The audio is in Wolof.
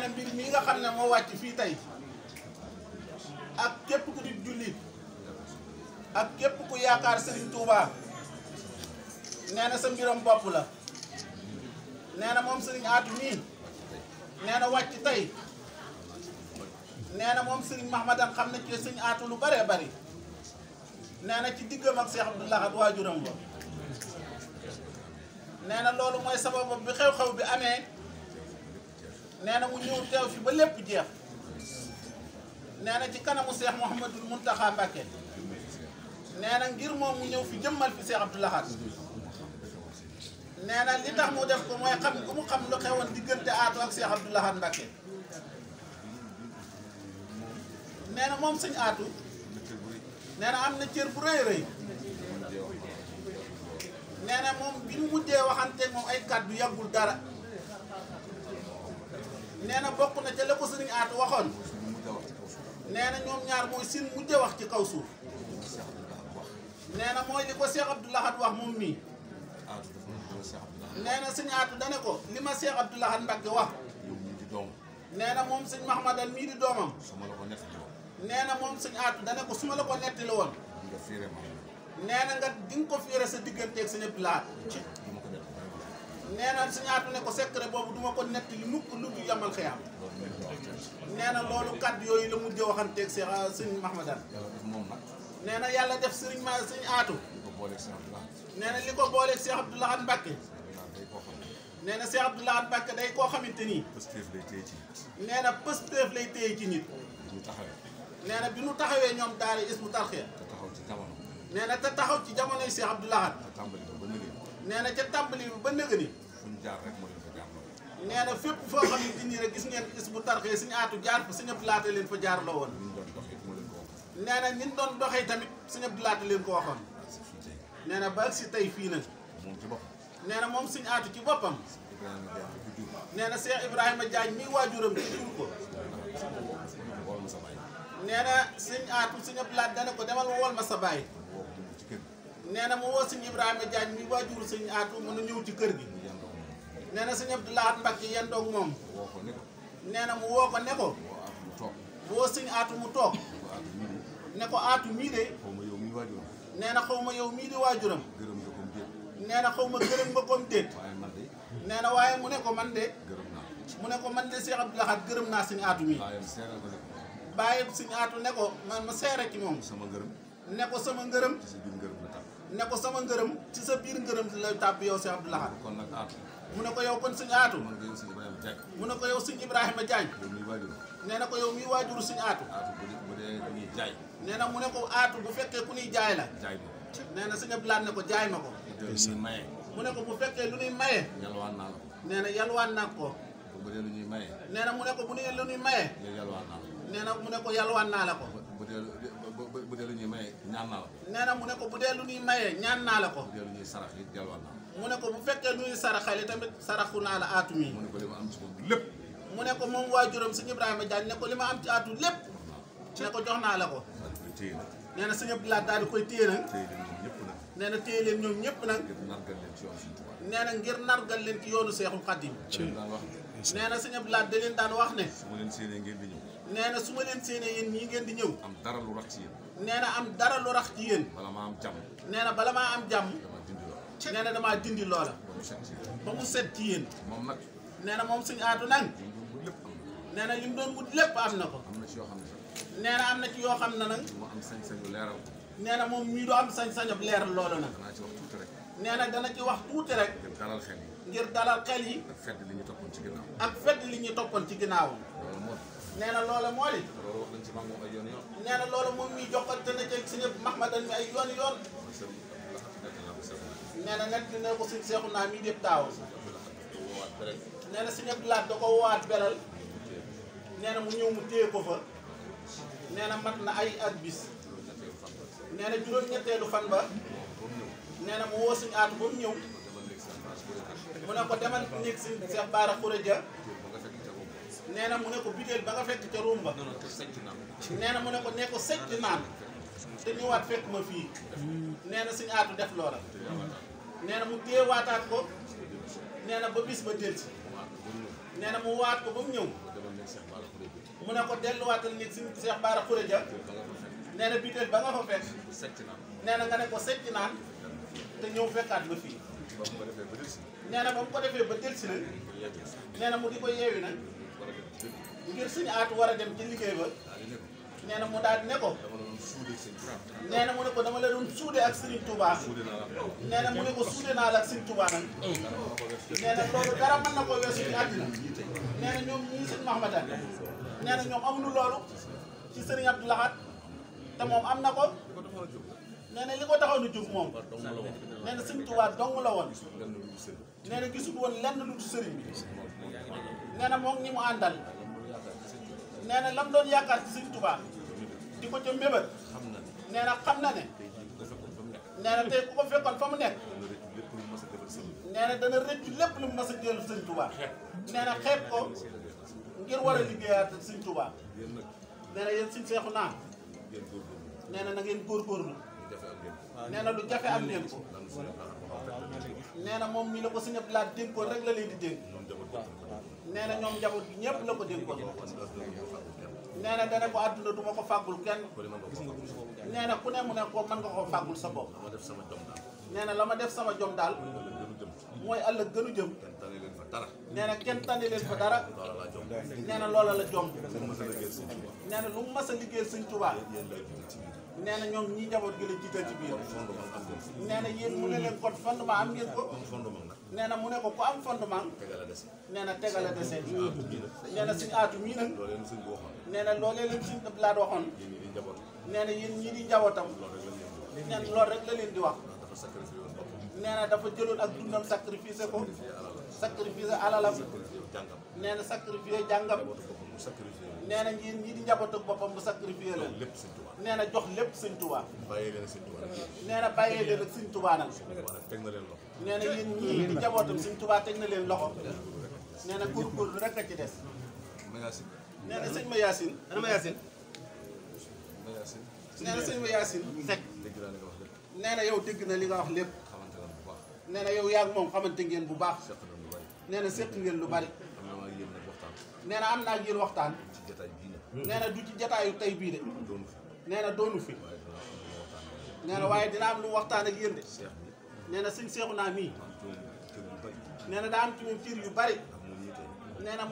nee na mbir mii nga xam ne moo wàcc fii tey ak képp ku di jullit ak képp ku yaakaar Serigne Touba nee na sa mbiram bopp la nee na moom Serigne Atou mii nee na wàcc tey nee na moom Serigne Mahmadan xam na ci Serigne lu bëree bari nee na ci diggam ak Cheikh Abdou Lahad waajuram ba nee loolu mooy sababu bi xew-xew bi amee. nee na mu ñëw teew fi ba lépp jeex nee na ci kanamu seex Mouhamadul Mountakha Mbacké nee na ngir moom mu ñëw fi jëmmal fi seex Abdou Lahad nee na li tax mu def ko mooy xam ku mu xam lu xewoon diggante Aatu ak seex Abdou Lahad Mbacké moom sëñ Aatu nee na am na cër bu rëy rëy nee na moom bi mu mujjee waxante moom ay kàddu yàggul dara. nee na bokk na ca la ko sëriñ aatu waxoon nee na ñoom ñaar mooy sin mujj wax ci kaw suuf nee na mooy li ko Cheikh Abdou Lahad wax moom mii nee na sëñ aatu dane ko li ma Cheikh Abdou Lahad Mbacké wax nee na moom sëñ Mahmadal mii di doomam nee na moom sëñ aatu dane ko su ma la ko nettali woon nee na nga di ko fiire sa digganteeg sëñ Abdou Lahad nee na Sëñ Aatu ne ko secret boobu du ma ko nett li mukk lu du yombal xiyaam nee na loolu kàddu yooyu la mujj waxanteeg Seex Sëñ Mahmadan nee na yàlla def sëriñ ma Sëñ Aatu nee na li ko booleeg Seex Abdou Lahad Mbàkke nee na Seex Abdou Lahad Mbàkke day koo xamante nii nee na pësteef lay téye ci nit nee na bi nu taxawee ñoom daara Hizbut Tarqiyyah nee na te taxaw ci jamonoy Seex Abdou Lahad nee na ca tàmbali bi ba nëgëni fuñ jaar rek moo leen fa jaar lool. nee na fépp foo xam ne nii rek gis ngeen gis bu tarxee suñu aatu jaar fa suñu laata leen fa jaar loo woon. ñu doon doxee moo leen ko waxoon. nee na leen ko waxoon. nee na ba si tey fii nag. moom ci boppam. nee na moom suñu aatu ci boppam. nee na Cheikh Ibrahima Diagne mi waajuram ci jur ko. nee na sëñ Atou sëñ Abdoulaye dana ko demal wool ma sa baay. nee na mu woo sëñ Ibrahima Diagne mi waajur sëñ Atou mën a ñëw ci kër gi. nee na sëñ Abdou Lahad Mbacké yéen doog moom. woo ko nee na mu woo ko ne ko. woo aatu mu toog. woo sëñ aatu mu toog. ne ko aatu mii de. xaw ma yow mii waajuram. nee na xaw ma yow mii di waajuram. gërëm nga comme déet. nee na xaw ma gërëm nga comme déet. waaye nee na waaye mu ne ko man de. gërëm mu ne ko man de sëñ Abdou Lahad gërëm naa sëñ aatu mii. bàyyi sëñ aatu ne ko man ma seere ci moom. sama ngërëm. ne ko sama ngërëm. ci ne ko sama ngërëm si sa biir ngërëm lay tàbb yow si Abdou kon nag mu ne ko yow kon suñu aatu man ngay suñu Ibrahima Diagne mu ne ko yow suñu Ibrahima Diagne yow ko yow miy waajur suñu aatu aatu bu dee ku ñuy jaay nee na mu ne ko aatu bu fekkee ku ñuy jaay la jaay ma nee na suñu Abdou Lahad ne ko jaay ma ko maye mu ne ko bu fekkee lu ñuy maye yalwaan naa ko nee na naa ko bu dee lu ñuy mu ne ko bu dee la nee na mu ne ko yalwaan naa la ko bu dee lu ñuy maye ñaan naa la ko. nee mu ne ko bu dee lu ñuy maye ñaan naa la ko. bu dee lu ñuy mu ne ko bu fekkee lu ñuy saraxale tamit saraxu naa la aatu mi. mu ne ko li ma am ci moom lépp. mu ne ko moom waajuram sëñ Ibrahima Diagne ne ko li ma am ci aatu lépp. ne ko jox naa la ko. nee na sëñ laa daal di koy téye nag. nee na téye leen ñoom ñëpp nag. nee na ngir nargal leen ci yoonu Seexul Xadim. nee na sëñ Abdoulaye da leen daan wax ne. su ma leen séenee ngeen di ñëw. nee na su ma leen séenee yéen ñii ngeen di ñëw. am dara lu rax ci yéen. nee na am dara lu rax ci yéen. bala maa am jàmm. nee na bala maa am jàmm. damaa dindi loola. nee na damaa dindi loola. yéen. moom nag. nee na moom suñu aatu nang. nee na li mu doon wut lépp am na ko. am na ci yoo xam nee na na ci yoo xam ne nag. moo am nee na moom mii du am sañ-sañu leeral loola nag. danaa nee na dana ci wax tuuti rek. ngir dalal xel yi. ngir dalal xel yi. ak fedd li ñu toppoon ci ginnaaw. ak li ñu toppoon ci ginnaaw nee na loola moo di. loolu wax nañ ci mag moom ay yoon yoon. nee na loolu moom si ñëpp Mahmadan mi ay yoon yoon. nee na nag dina ko si seexu naa mi yëpp taaw. nee na si ñëpp laa da ko woowaat beral. nee na mu ñëw mu téye ko fa. nee na mat na ay at bis. nee na juróom-ñetteelu fan ba. nee na mu woo suñu aatu ba mu ñëw. mu ne ko demal nekk si Cheikh Bara Khourédia. nee na mu ne ko bideel ba nga fekk ca Rumba. nee na mu ne ko nee ko sëcc naan. te ñëwaat fekk ma fii. nee na suñu aatu def loola. nee na mu téye waataat ko. nee na ba bis ba delsi nee na mu waat ko ba mu ñëw. mu ne ko delluwaatal nit si Cheikh Bara Khourédia. nee na bideel ba nga fa fekk. nee na nga ne ko sëcc naan. te ñëw fekkaat ma fii. nee na ba mu ko defee ba delsi nag. nee na mu di ko yeewi nag. ngir suñu aatu war a dem ci liggéey ba. nee na mu daal di ne ko. nee na mu ne ko dama la doon suude ak Serigne Touba. nee na mu ne ko suude naa la ak Serigne Touba nag. nee na loolu dara mën na ko weesu ci àddina. nee na ñoom ñoom amuñu loolu ci Serigne Abdou te moom am na ko. nee na li ko taxaw nu jub moom. nee na Serigne Touba dong la woon. nee gisul woon lenn lu dul Serigne bi. nee na moom ñi mu àndal nee na lam doon yaakaar ci Sëriñ di ko jëm mbébét nee na xam na ne nee na tey ku ko fekkoon fa mu nekk nee na dana rëccu lépp lu mu mas a jël Sëriñ Tuubaa nee na xeeb ko ngir war a liggéeyaat Sëriñ Tuubaa nee na yéen Sëriñ Seexuna nee na na ngeen góorgóorlu nee na lu jafe am leen ko nee na moom mi la ko sëñ Abdou Lahad dénkoon rek la leen di dénk nee na ñoom njaboot gi ñëpp la ko dénkoon. nee na dana ko àdduna du ma ko fàggul kenn. nee na ku ne mu ne ko mën nga koo fàggul sa bopp. nee na la ma def sama jom daal. mooy àll gënu jëm. dara. nee na kenn tànni leen fa dara. nee loola la jom. nee lu mu mës a liggéeyal sëñ Tuubaa. ñoom ñi njaboot gi la jiital ci biir. mu ne leen kon fondement am ngeen ko. nee mu ne ko ku am fondement. nee na dese. nee na suñu aatu nag. nee loolee leen suñ laat waxoon. nee na ñii di njabootam. nee na rek la leen di wax. nee dafa jëloon ak dundam sacrifice ko. sacrifice alalam nee na sacrifice jàngam nee na ngir ñi di njabootu boppam bu sacrifice la nee na jox lépp sëñ Tuubaa nee na bàyyee leen ak sëñ Tuubaa nag nee na yéen ñii di njabootam sëñ Tuubaa teg na leen loxo nee na góorgóorlu rek a ci des nee na sëñ ma yaasin ana ma yaasin nee na yow dégg na li nga wax lépp nee na yow yaa ngi moom xamante ngeen bu baax nee na séq ngeen lu bari. am naa yéen nag waxtaan. nee na am naa yéen waxtaan. ci jataay bii nee na du ci jataayu tey bii de. doonu fi nee na doonu fi. nee na waaye dina am lu waxtaan ak yéen de. nee na sëñ seexu naa mii. nee na daa am ci moom cër yu bari. nee na